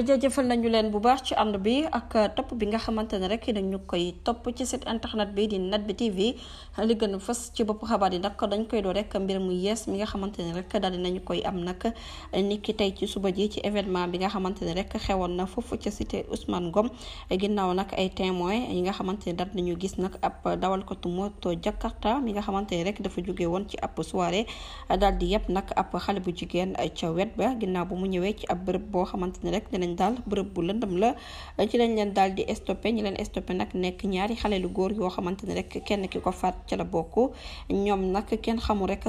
jëjëfal nañu leen bu baax ci ànd bi ak topp bi nga xamante ne rek dañu koy topp ci site internet bi di net bi TV li gën a fës ci bopp xabaar yi nag dañ koy doo rek mbir mu yees mi nga xamante ne rek daal nañu koy am nag nit ki tey ci suba ji ci événement bi nga xamante ne rek xewoon na foofu ca cité Ousmane Ngom ginnaaw nag ay témoins yi nga xamante ne daal nañu gis nag ab dawalkatu moto Jakarta mi nga xamante ne rek dafa jóge woon ci ab soirée daal di yëpp nag ab xale bu jigéen ca wet ba ginnaaw bu mu ñëwee ci ab bërëb boo xamante ne rek. nañ daal bërëb bu lëndëm la ci lañ leen daal di stoppé ñi leen stoppé nag nekk ñaari xale lu góor yoo xamante ni kenn ki ko faat ca la bokk ñoom nag kenn xamul rek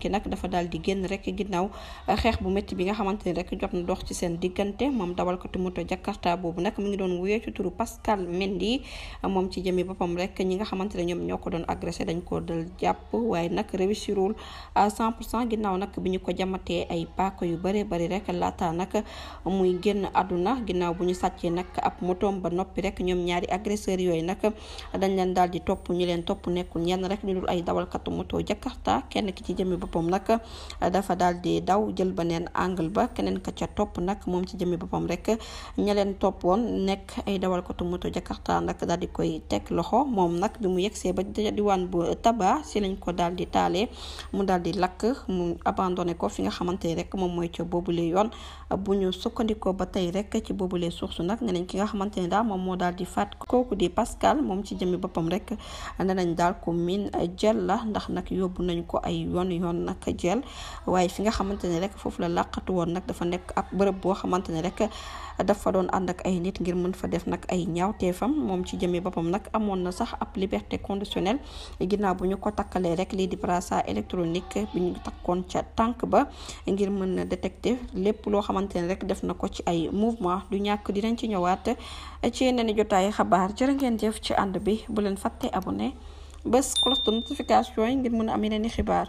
ki nag dafa daal di génn rek ginnaaw xeex bu métti bi nga xamante ni rek jot na dox ci seen diggante moom dawalkatu moto Jakarta boobu nag mi ngi doon wuyee ci turu Pascal Mendy moom ci jëmi boppam rek ñi nga xamante ne ñoom ñoo ko doon agressé dañ ko dal jàpp waaye nag réussirul à 100 ginnaaw nag bi ñu ko jamatee ay paaka yu bare bari laata nag muy génn àdduna ginnaaw bu ñu sàccee nag ab motoom ba noppi rek ñoom ñaari agresseurs yooyu nag dañ leen daal di topp ñu leen topp nekkul ñenn rek ñu ay dawalkatu moto Jakarta kenn ki ci jëmmi boppam nag dafa daal di daw jël ba beneen angle ba keneen ka ca topp nag moom ci jëmmi boppam rek ña leen toppoon nekk ay dawalkatu moto Jakarta nag daal di koy teg loxo moom nag bi mu yegsee ba diwaan bu Taba si lañ ko daal di taalee mu daal di lakk mu abandonné ko fi nga xamante rek moom mooy ca boobule yoon bu ñu sukkandiku sukkandikoo ba tey rek ci boobule source nag ne nañ ki nga xamante ne daal moom moo daal di faat kooku di Pascal moom ci jëmi boppam rek ne nañ daal ko miin jël la ndax nag yóbbu nañ ko ay yoon yoon nag jël waaye fi nga xamante ne rek foofu la làqatu woon nag dafa nekk ak bërëb boo xamante ne rek dafa doon ànd ak ay nit ngir mën fa def nag ay ñaawteefam moom ci jëmi boppam nag amoon na sax ab liberté conditionnelle ginnaaw bu ñu ko takkalee rek lii di bracelet électronique bi ñu takkoon ca tànk ba ngir mën a détecter lépp loo xamante ko ci ay mouvement du ñàkk dinañ ci ñëwaat ci yeneen i jotaayu xabaar jërë ngeen jëf ci ànd bi bu leen fàtte abonné bés cloche de notification yi ngir mën a am yeneen i xibaar.